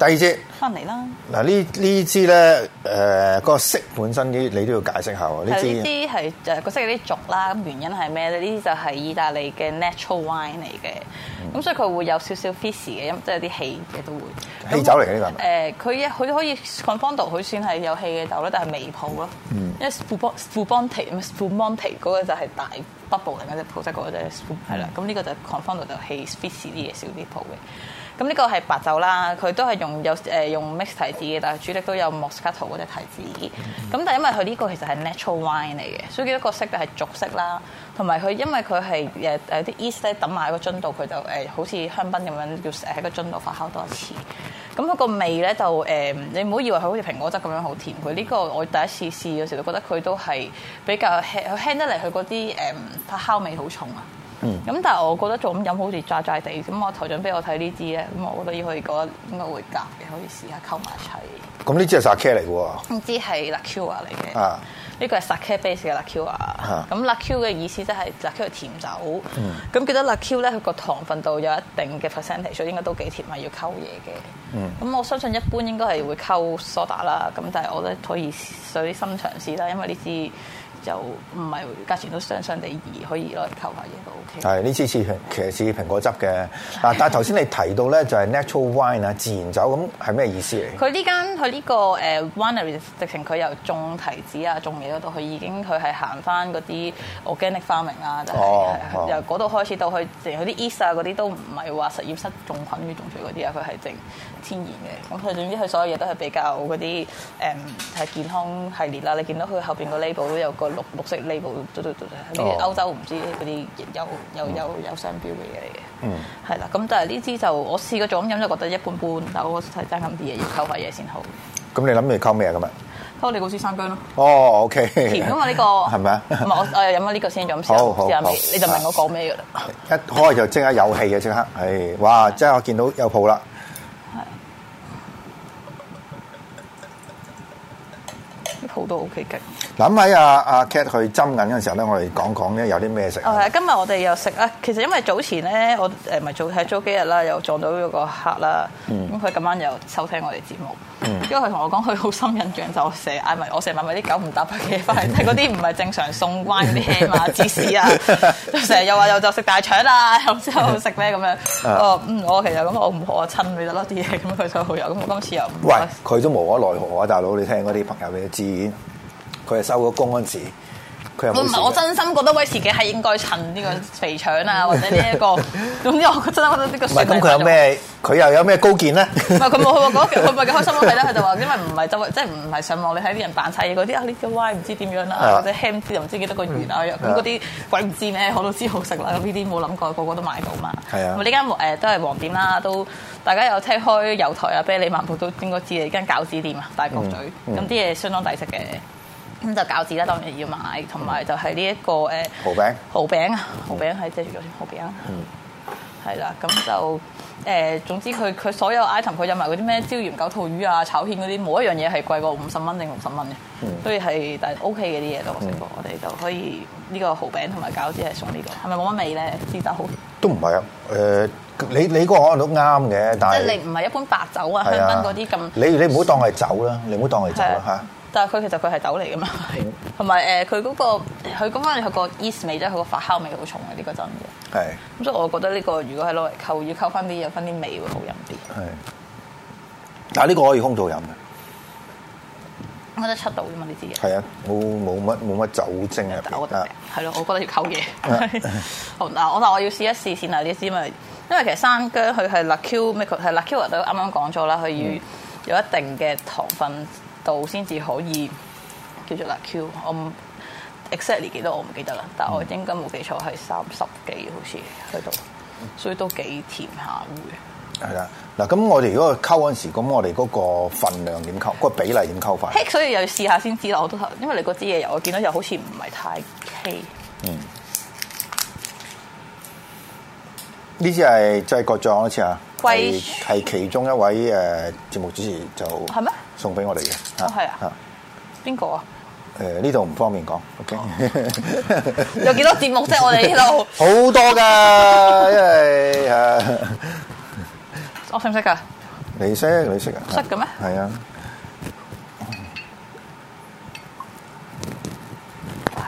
第二支翻嚟啦。嗱呢呢支咧，誒、呃嗰個色本身啲你都要解釋下喎。呢支係啲係誒個色有啲濁啦，咁原因係咩咧？呢支就係意大利嘅 natural wine 嚟嘅，咁、嗯、所以佢會有少少 fishy 嘅即係啲氣嘅都會氣酒嚟嘅呢個。誒佢一佢可以 Confoundo，佢、嗯、算係有氣嘅酒啦，但係微泡咯。嗯、因為 Full Bounty 嗰個就係大 bubble 嘅嗰隻泡酒嗰隻係啦。咁呢個就 Confoundo、是嗯、就氣 fishy 啲嘢少啲泡嘅。咁呢個係白酒啦，佢都係用有誒用 mix 提子嘅，但係主力都有 Moscato 嗰隻提子。咁、嗯、但係因為佢呢個其實係 natural wine 嚟嘅，所以佢得個色嘅係濁色啦。同埋佢因為佢係誒誒啲 yeast 咧抌埋喺個樽度，佢就誒好似香檳咁樣，要誒喺個樽度發酵多一次。咁佢個味咧就誒、呃，你唔好以為佢好似蘋果汁咁樣好甜。佢呢個我第一次試嘅時候，覺得佢都係比較輕，佢輕得嚟佢嗰啲誒發酵味好重啊。嗯，咁但係我覺得做咁飲好似炸炸地，咁我頭長俾我睇呢支咧，咁我我得要去覺得應該會夾嘅，可以試一下溝埋齊。咁呢支係啥 care 嚟㗎？呢支係 l a q u r 嚟嘅，呢個係、啊、Sake base 嘅 l a q u r，咁 l a q u o 嘅意思即係 l i q u 甜酒。咁、嗯、記得 l i q u r 咧，佢個糖分度有一定嘅 percentage，所以應該都幾甜啊，要溝嘢嘅。咁、嗯、我相信一般應該係會溝 d 打啦，咁但係我覺得可以水深嘗試啦，因為呢支。就唔係價錢都相相地宜，可以攞嚟購下嘢都 OK。係呢次似其實似蘋果汁嘅嗱， 但係頭先你提到咧就係 natural wine 啊，自然酒咁係咩意思嚟？佢呢間佢呢個誒 v i n e r iner，直情佢由種提子啊種嘢嗰度，佢已經佢係行翻嗰啲 organic farming 啦、就係，就係由嗰度開始到去，直情佢啲 yeast 啊嗰啲都唔係話實驗室種菌嘅種水嗰啲啊，佢係整天然嘅。咁佢總之佢所有嘢都係比較嗰啲誒係健康系列啦。你見到佢後邊個 label 都有個。綠綠色 label 都都都都係啲歐洲唔知嗰啲有有有有商標嘅嘢嚟嘅，係啦。咁但係呢支就我試過咗飲，就覺得一般般。但係我係爭緊啲嘢要溝塊嘢先好。咁你諗住溝咩啊？今日溝你個書生薑咯。哦，OK。甜，因為呢個係咪啊？唔係我我飲咗呢個先飲試，試下味你就明我講咩嘅啦。一開就即刻有氣嘅即刻，係哇！即係我見到有泡啦，係泡都 OK 嘅。諗起阿阿 cat 去斟緊嘅時候咧，我哋講講咧有啲咩食。哦，今日我哋又食啊！其實因為早前咧，我誒咪早係租幾日啦，又撞到嗰個客啦。咁佢、嗯、今晚又收聽我哋節目。嗯、因為佢同我講，佢好深印象就是、我成日嗌埋我成日買埋啲狗唔搭配嘅嘢，即係嗰啲唔係正常送關啲咩 芝士啊，成日又話又就食大腸啊，又唔知食咩咁樣。哦，嗯，我其實咁，我唔我親佢得多啲嘢，咁佢就好有。咁我今次又。唔。喂，佢都無可奈何啊，大佬！你聽我啲朋友嘅字。嗯佢係收咗工嗰陣時，佢唔係我真心覺得威士忌係應該襯呢個肥腸啊，或者呢一個，總之我覺得呢個唔係咁佢有咩？佢又有咩高見咧？佢冇話講，其實佢咪幾開心咯。係佢就話因為唔係即係唔係上網，你睇啲人扮晒嘢嗰啲啊，呢啲歪唔知點樣啦，或者 h 啲又唔知幾多個魚啊，咁嗰啲鬼唔知咩，我都知好食啦。咁呢啲冇諗過，個個都買到嘛。係啊是的，呢間都係黃店啦，都大家有聽開油台啊，啤梨漫步都應該知啊，呢間餃子店啊，大角咀咁啲嘢相當抵食嘅。嗯嗯那些咁就餃子啦，當然要買，同埋就係呢一個誒，蠔餅，蠔餅啊，蠔餅係借住咗先，蠔餅，餅嗯餅，係啦，咁、嗯、就誒、呃，總之佢佢所有 item，佢入埋嗰啲咩椒鹽九肚魚啊、炒蜆嗰啲，冇一樣嘢係貴過五十蚊定六十蚊嘅，嗯、所以係但係 OK 嘅啲嘢都，嗯、我食過我哋就可以呢、呢個蠔餅同埋餃子係送呢、呢個，係咪冇乜味咧？支酒好都唔係啊，誒、呃，你你個可能都啱嘅，但係你唔係一般白酒啊、的香檳嗰啲咁，你你唔好當係酒啦，你唔好當係酒啦嚇。但係佢其實佢係豆嚟㗎嘛，同埋誒佢嗰個佢嗰個佢個意 a s 味即係佢個發酵味好重嘅呢、這個真嘅。係咁，所以我覺得呢個如果係攞嚟扣，要扣翻啲有翻啲味會好飲啲。係。嗱，呢個可以空嘴飲嘅，我得七度啫嘛，呢支嘢係啊，冇冇乜冇乜酒精啊，係咯，我覺得要溝嘢。啊、 好嗱，我嗱我要試一試先啊！呢支咪？因為其實生薑佢係 lucky 佢係 lucky 都啱啱講咗啦，佢要有一定嘅糖分。度先至可以叫做辣 Q，我唔 exactly 呢幾多，我唔記得啦。但係我應該冇記錯，係三十幾好似喺度，所以都幾甜下嘅。係啦，嗱咁我哋如果溝嗰陣時，咁我哋嗰個份量點溝？嗰個比例點溝法？嘿，所以又要試下先知啦，我都，因為你嗰支嘢油，我見到又好似唔係太稀。嗯，呢支係即係國醬嗰次啊。係其中一位誒節目主持就送俾我哋嘅，係啊，邊個啊？誒呢度唔方便講。有幾多節目啫？我哋呢度好多噶，因為誒，我識唔識噶？你識你識啊？識嘅咩？係啊。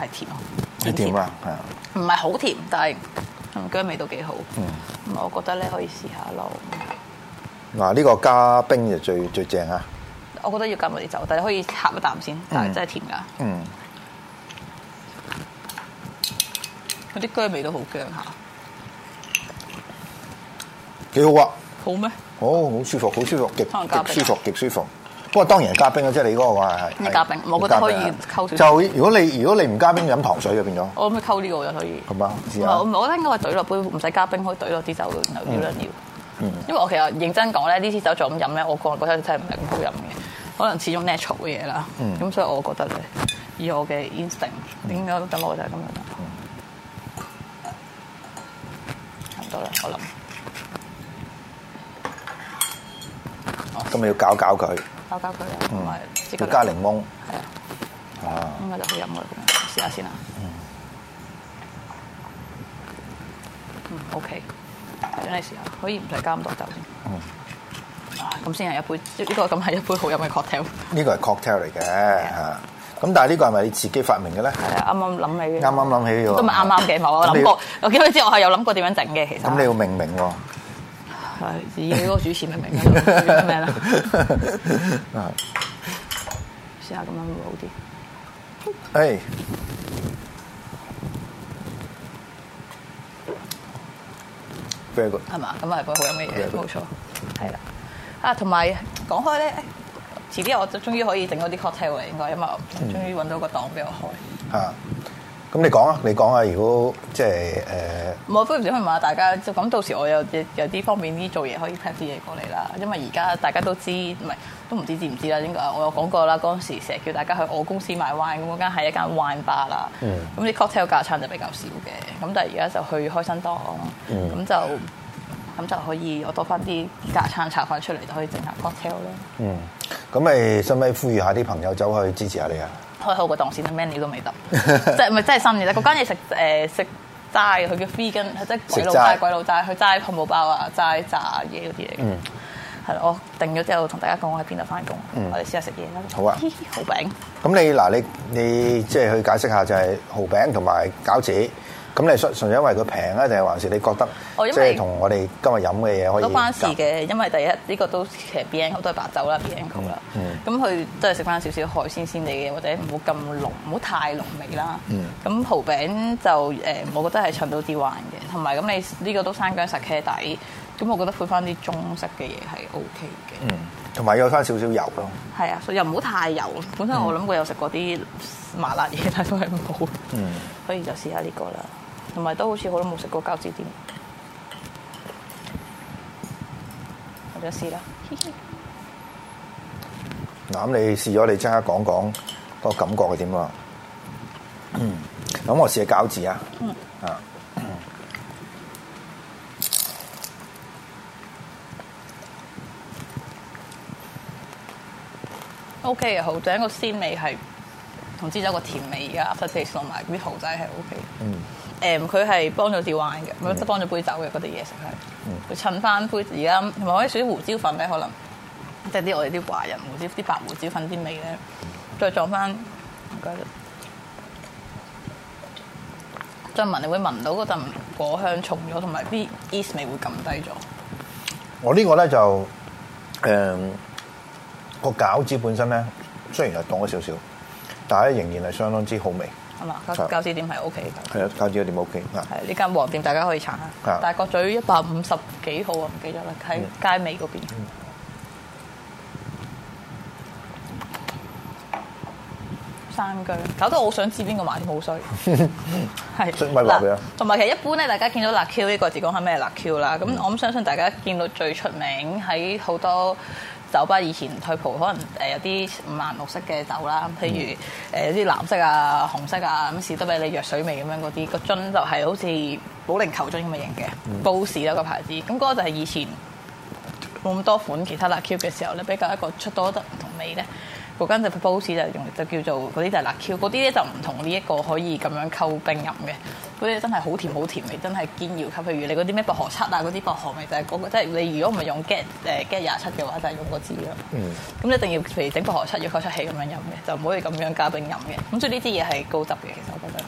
係甜，係甜啊！係啊，唔係好甜，但係。薑味都幾好，咁、嗯、我覺得咧可以試下咯。嗱，呢個加冰就最最正啊！我覺得要加埋啲酒，大家可以呷一啖先，但係真係甜㗎。嗯，嗰啲、嗯、薑味都好薑下，幾好啊嗎！好咩？哦？好，好舒服，好舒服，極極加冰舒服，極、啊、舒服。不過當然係加冰咯，即係你嗰個話係。加冰，我覺得可以溝水。就如果你如果你唔加冰，飲糖水嘅變咗。我咪溝呢個就可以。咁啊，唔係我聽講係兌落杯，唔使加冰，可以兌落啲酒，然後啲兩料。因為我其實認真講咧，呢次酒再咁飲咧，我個人覺得真係唔係咁好飲嘅。可能始終 natural 嘅嘢啦。咁所以我覺得咧，以我嘅 instinct，點樣都得咯，就係咁樣。嗯。差唔多啦，我諗。咁今日要搞搞佢。加加佢，同埋再加檸檬，係啊，咁咪就好飲嘅。試下先啊。嗯。嗯，OK。準備試下。可以唔使加咁多酒先。嗯。咁先係一杯，呢個咁係一杯好飲嘅 cocktail。呢個係 cocktail 嚟嘅嚇。咁但係呢個係咪你自己發明嘅咧？係啊，啱啱諗起。啱啱諗起喎。都唔係啱啱嘅，冇啊！諗過，我幾可以知我係有諗過點樣整嘅。其實，咁你要命名喎。自己嗰個主持咪明咩啦？試下咁樣會好啲，hey, very good。誒 v 係嘛？咁係個好飲嘅嘢，冇錯，係啦。啊，同埋講開咧，遲啲我就終於可以整到啲 cocktail 啦，應該，因為我終於揾到一個檔俾我開。嚇！咁你講啊，你講啊！如果即係誒，唔、呃、係，不如點問下大家，咁到時我有有啲方面啲做嘢可以拍啲嘢過嚟啦。因為而家大家都知，唔係都唔知知唔知啦。應該我有講過啦。嗰陣時成日叫大家去我公司買 wine，咁嗰間係一間 wine bar 啦、嗯。咁啲 cocktail 價餐就比較少嘅，咁但係而家就去開心多，咁、嗯、就咁就可以我多翻啲架餐茶飯出嚟，就可以整下 cocktail 啦。嗯。咁咪使唔使呼籲下啲朋友走去支持下你啊？開好個檔先 menu 都未得， 即係唔係真係新嘅？嗰間嘢食誒食齋，佢叫 Vegan 即係鬼佬齋、鬼佬齋，佢齋漢堡包啊，齋炸嘢嗰啲嘢。嗯，係啦，我定咗之後同大家講我喺邊度翻工，嗯、我哋試下食嘢啦。嘗嘗好啊，蠔餅。咁你嗱你你即係去解釋一下就係蠔餅同埋餃子。咁你純粹因為佢平啊，定係還是你覺得即係同我哋今日飲嘅嘢可以都關事嘅，因為第一呢個都其實 Bianco 都係白酒啦 Bianco 啦。咁佢、mm hmm. 都係食翻少少海鮮先地嘅，或者唔好咁濃，唔好太濃味啦。咁蠔、mm hmm. 餅就誒，我覺得係循到啲環嘅，同埋咁你呢個都生薑石茄底，咁我覺得配翻啲中式嘅嘢係 OK 嘅。嗯、mm，同、hmm. 埋有翻少少油咯。係啊，所以又唔好太油。本身、mm hmm. 我諗過有食過啲麻辣嘢，但都係冇。嗯、mm，hmm. 所以就試下呢個啦。同埋都好似好耐冇食過餃子店，我就試啦。嗱，咁你試咗，你即刻講講個感覺係點啊？嗯，咁 我試下餃子啊，嗯啊。O K 嘅，好，仲有一個鮮味係同之酒個甜味而家 a s t e 同埋啲蠔仔係 O K。嗯。Mm. 誒，佢係幫咗調味嘅，咁都係幫咗杯酒嘅嗰啲嘢食係，佢襯翻杯而家，同埋可以少啲胡椒粉咧，可能即係啲我哋啲華人胡椒啲白胡椒粉啲味咧，再撞翻，唔該。再聞你會聞到嗰陣果香重咗，同埋啲 yeast 味會撳低咗。我呢個呢個咧就誒個、嗯、餃子本身咧，雖然係凍咗少少，但係仍然係相當之好味。啊嘛，餃子店係 O K。係啊，餃子嘅店 O K。啊的，係呢的的間黃店大家可以查下。係的大角咀一百五十幾號啊，唔記得啦，喺街尾嗰邊。山的居搞到我好想知邊個賣店好衰。係 的，同埋其實一般咧，大家見到辣 Q 呢個字講係咩辣 Q 啦？咁的我相信大家見到最出名喺好多。酒吧以前退蒲可能誒有啲五顏六色嘅酒啦，譬如誒有啲藍色啊、紅色啊咁，士多啤梨藥水味咁樣嗰啲，嗯、那個樽就係好似保齡球樽咁嘅型嘅 Boot、嗯、s 啦個牌子，咁、那、嗰個就係以前冇咁多款其他辣 Q 嘅時候咧，比較一個出多得唔同味咧，嗰、那、間、個、就 Boots 就用就叫做嗰啲、那個、就辣 Q，嗰啲咧就唔同呢、這、一個可以咁樣溝冰飲嘅。嗰啲真係好甜好甜味，真係堅要吸。譬如你嗰啲咩薄荷七啊，嗰啲薄荷味就係嗰個，即係你如果唔係用 get 誒 get 廿七嘅話，就係用個字咯。嗯。咁一定要譬如整薄荷七要開出氣咁樣飲嘅，就唔可以咁樣加冰飲嘅。咁所以呢啲嘢係高質嘅，其實我覺得。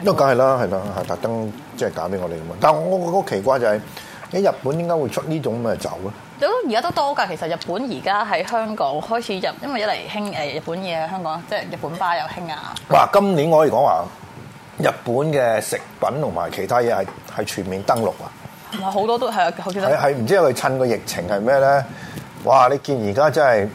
呢個梗係啦，係啦、嗯，係特登即係揀俾我哋咁啊！但係我我覺得奇怪就係喺日本點解會出呢種咁嘅酒咧？而家都多㗎，其實日本而家喺香港開始入，因為一嚟興誒日本嘢，香港即係日本吧又興啊。哇！今年我可以講話。日本嘅食品同埋其他嘢係係全面登陸啊！好多都係啊，係係唔知佢趁個疫情係咩咧？哇！你見而家真係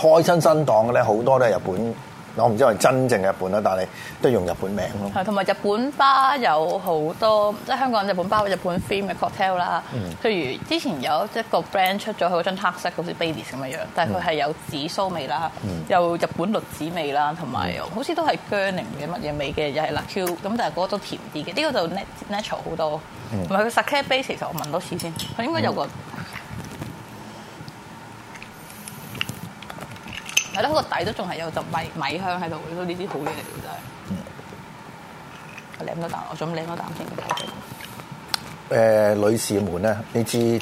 開新新檔嘅咧，好多都係日本。我唔知係真正日本啦，但係都用日本名咯。係同埋日本吧有好多即係香港日本吧有日本 theme 嘅 cocktail 啦，譬、嗯、如之前有一即個 brand 出咗佢嗰樽黑色好似 baby 咁嘅樣，但係佢係有紫蘇味啦，嗯、有日本栗子味啦，同埋好似都係薑嚟唔知乜嘢味嘅，又係辣 q。咁但係嗰種甜啲嘅。呢、呢個就 natural 好多，同埋佢 sake base 其實我問多次先，佢應該有個。係咯，個底都仲係有陣米米香喺度，呢啲好嘢嚟㗎真係。我舐多啖，我仲舐多啖先。誒，女士們咧，呢支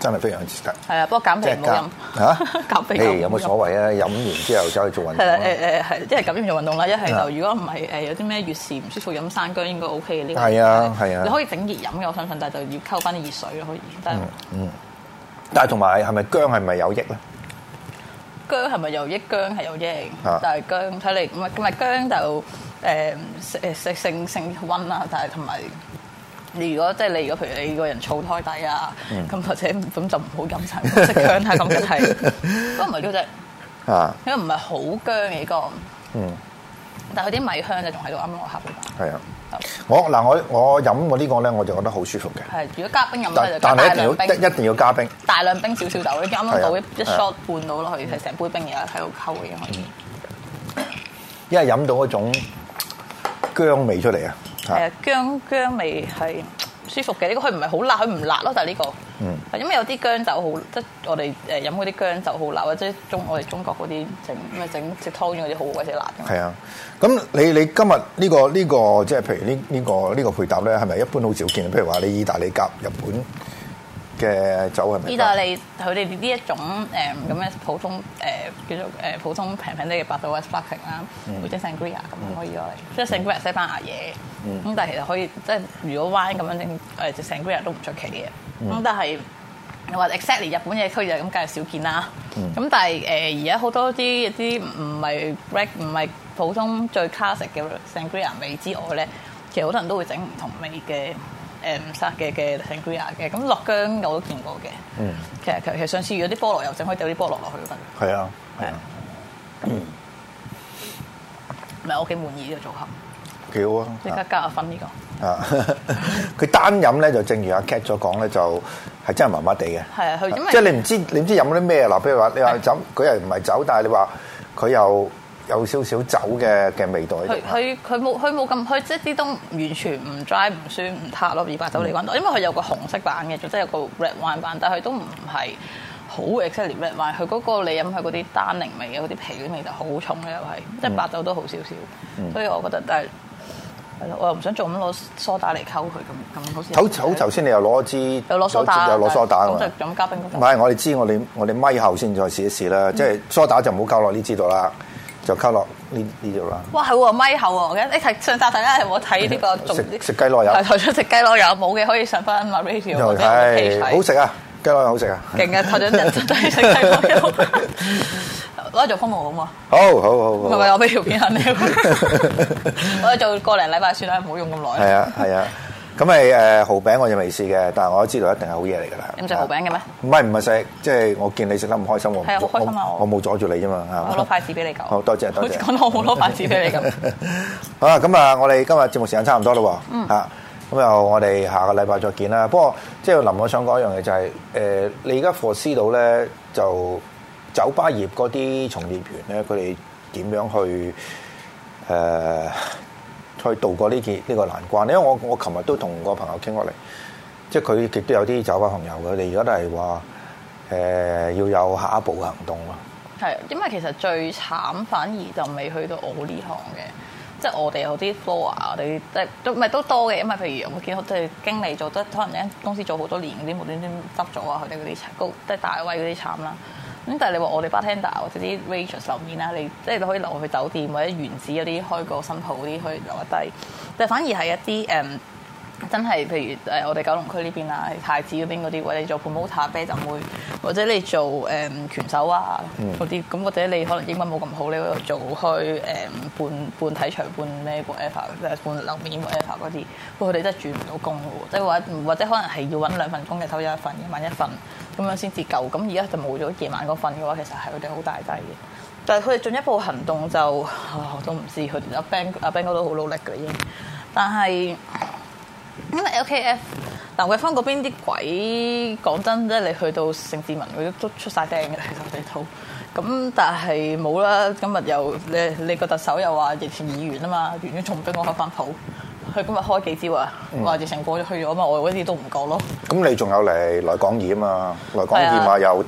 真係非常之得。係啊，不過減肥唔好飲。嚇？減肥唔好飲。有冇所謂啊？飲完之後走去做運動，呃，動。係啦，誒誒，係，一係減肥做運動啦，一係就如果唔係誒有啲咩月事唔舒服飲山薑應該 OK 嘅呢個。係啊，係啊。你可以整熱飲嘅，我相信，但係就要溝翻啲熱水咯，可以。嗯嗯，但係同埋係咪薑係咪有益咧？薑係咪有益？薑係有益，有益是啊、但係薑睇嚟唔係唔係薑就誒食食性性溫啦，但係同埋如果即係你如果譬如你，譬如你個人燥胎底啊，咁、嗯、或者咁就唔好飲茶，食薑太咁嘅係，都唔係呢隻，是啊、因為唔係好薑嘅個薑，嗯、但係佢啲米香就仲喺度暗落合係啊。我嗱我我飲我呢個咧我就覺得好舒服嘅。係，如果加冰飲咧但就加大量冰。但係一定要一定要加冰。大量冰少少酒，你啱啱倒一 shot 半到落去，係成是的 杯冰嘢喺度溝嘅已經可以。因為飲到一種薑味出嚟啊。係啊，薑薑味係舒服嘅，呢個佢唔係好辣，佢唔辣咯，就呢個。嗯、因為有啲薑酒好，即、係、我哋誒飲嗰啲薑酒好辣，或者中我哋中國嗰啲整咩整食湯圓嗰啲好鬼死辣嘅。係啊，咁你你今日呢、呢個呢、呢個即係譬如呢、呢、呢個呢、呢個配搭咧，係咪一般好少見？譬如話你意大利夾日本嘅酒係咪？意大利佢哋呢一種咁嘅、嗯、普通、呃、叫做普通平平哋嘅白葡萄酒 k 啦，或者、嗯、sangria 咁可以攞嚟即係 sangria 西班牙嘢。咁、嗯、但係其實可以即係如果 wine 咁樣整就 sangria 都唔出奇嘅。咁、嗯、但係，或 exactly 日本嘢，佢就咁梗係少見啦。咁、嗯、但係，誒而家好多啲一啲唔係 break 唔係普通最 classic 嘅 sangria 味之外咧，其實好多人都會整唔同味嘅誒沙嘅嘅 sangria 嘅。咁落薑我都見過嘅。其實、嗯、其實上次如果啲菠蘿又整可以掉啲菠蘿落去分。係啊，係啊，啊嗯，唔係我幾滿意呢個組合。即刻加下分呢個啊，佢單飲咧就正如阿 Cat 所講咧，就係真係麻麻地嘅。係啊，佢即係你唔知說你唔知飲啲咩嗱，譬如話你話酒，佢又唔係酒，但係你話佢又有少少酒嘅嘅味道喺度。佢佢佢冇佢冇咁，佢即係啲都完全唔 dry 唔酸唔塌咯。而白酒嚟揾到，嗯、因為佢有個紅色版嘅，仲即係有個 red wine 版，但係都唔係好 excellent red wine、那個。佢嗰個你飲佢嗰啲單寧味嘅嗰啲皮嘅味道好重就好重咧，又係即係白酒都好少少。所以我覺得、嗯、但係。我又唔想做咁攞梳打嚟溝佢咁咁好似。好好頭先你又攞支又攞梳打，又攞梳打喎。唔係，對，我哋知我哋我哋咪後先再試一試啦。嗯、即係梳打就唔好加落呢支度啦，就溝落呢呢度啦。哇，係喎咪後喎，咁你係想答大家係冇睇呢個？食食，嗯、雞攞油。台長食雞攞油冇嘅，可以上翻 MyRadio。係，好食啊！雞攞油好食啊，勁啊！台長真係食雞攞油 我做 promo 好嘛？好，好好好。唔係，我俾條片你。我做個零禮拜算啦，唔好用咁耐。係啊，係啊。咁咪誒，蠔餅我就未試嘅，但係我都知道一定係好嘢嚟㗎啦。唔食蠔餅嘅咩？唔係，唔係食，即係我見你食得唔開心喎。係啊，好開心啊！我冇阻住你啫嘛嚇。我攞筷子俾你搞。好多謝，多謝。講到我冇攞筷子俾你㗎。好啦，咁啊，我哋今日節目時間差唔多啦喎。嚇，咁又我哋下個禮拜再見啦。不過，即係林，我想講一樣嘢就係誒，你而家貨私到咧就。酒吧業嗰啲從業員咧，佢哋點樣去誒去度過呢件呢個難關咧？因為我我琴日都同個朋友傾過嚟，即係佢亦都有啲酒吧朋友，佢哋而家都係話誒要有下一步嘅行動咯。係，因為其實最慘反而就未去到我呢行嘅，即係我哋有啲 floor 啊，啲即係都唔係都多嘅，因為譬如我見即係經理做得，可能間公司做好多年嗰啲，無端端執咗啊，佢哋嗰啲高即係大位嗰啲慘啦。咁但係你話我哋 bartender 或者啲 waitress 樓面啦，你即係都可以留去酒店或者原子嗰啲開個新鋪，啲可以留低。但反而係一啲真係，譬如我哋九龍區呢邊啊太子嗰邊嗰啲，或者你做 promoter 啤酒妹，或者你做拳手啊嗰啲，咁、嗯、或者你可能英文冇咁好，你嗰度做去半半體場半咩 whatever 半樓面 whatever 嗰啲，佢哋真係轉唔到工喎，即係或者可能係要揾兩份工嘅，偷一份萬一份。一份一份咁樣先至夠，咁而家就冇咗夜晚嗰份嘅話，其實係佢哋好大劑嘅。但係佢哋進一步行動就、哦、我都唔知佢阿 Ben 阿 Ben 哥都好努力嘅已經。但係因為 LKF 蘭桂坊嗰邊啲鬼，講真即係你去到盛智文佢都出晒釘嘅，其實地圖。咁但係冇啦，今日又你你個特首又話疫情議員啊嘛，完咗仲唔俾我開翻鋪？佢今日開幾招啊？話疫情過去咗嘛，我嗰啲都唔覺咯。咁你仲有嚟來，來港演啊？來港演啊，的又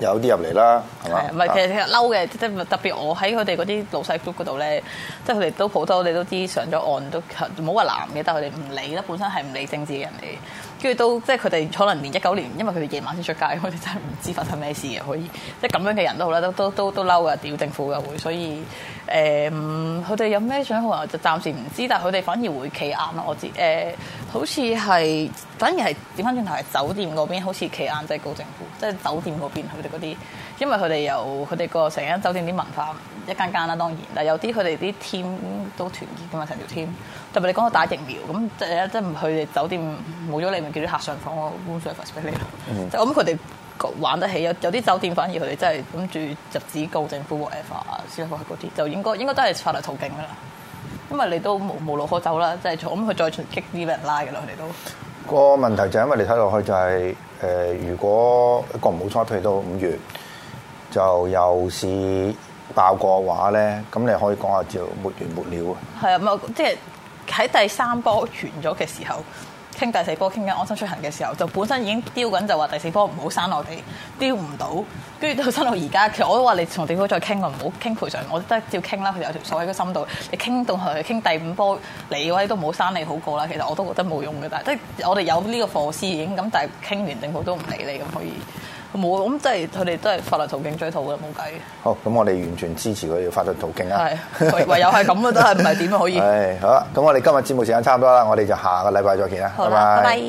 有啲入嚟啦，係咪的？唔係吧，其實其實嬲嘅，即係特別我喺佢哋嗰啲老細 group 嗰度咧，即係佢哋都好多，你都知上咗岸都冇好話男嘅，但係佢哋唔理啦，本身係唔理政治嘅人嚟。跟住都即係佢哋可能連一九年，因為佢哋夜晚先出街，我哋真係唔知發生咩事嘅可以，即係咁樣嘅人都好啦，都都都都嬲呀，屌政府又會，所以誒，佢、呃、哋有咩想可能就暫時唔知，但係佢哋反而會企硬咯，我知誒、呃，好似係反而係點翻轉頭係酒店嗰邊，好似企硬即係告政府，即係酒店嗰邊佢哋嗰啲。因為佢哋由佢哋個成間酒店啲文化一間一間啦，當然，但有啲佢哋啲 team 都團結㗎嘛，成條 team。特別你講到打疫苗咁，即係一即係佢哋酒店冇咗你，咪叫啲客上房咯，room service 俾你咯。嗯、就咁佢哋玩得起。有有啲酒店反而佢哋真係諗住入紙告政府 whatever，司法復核嗰啲，就應該應該都係法律途徑㗎啦。因為你都無無路可走啦，即係咁佢再激啲俾人拉㗎啦，佢哋都。個問題就係因為你睇落去就係、是、誒、呃，如果唔好彩退到五月。就又是爆過話咧，咁你可以講下照，沒完沒了啊！係啊，即係喺第三波完咗嘅時候傾第四波，傾緊安心出行嘅時候，就本身已經丟緊就話第四波唔好刪我哋，丟唔到，跟住到生到而家，其實我都話你同政府再傾過唔好傾賠償。我都即係要傾啦，佢有條所謂嘅深度，你傾到佢傾第五波你位都唔好刪你好過啦。其實我都覺得冇用嘅，但係即係我哋有呢個貨司已經咁，但係傾完政府都唔理你，咁可以。冇咁即係，佢哋都係法律途徑追討嘅，冇計。好，咁我哋完全支持佢哋要法律途徑啦係，唯有係咁嘅， 都係唔係點可以？係好啦，咁我哋今日節目時間差唔多啦，我哋就下個禮拜再見啦，拜拜。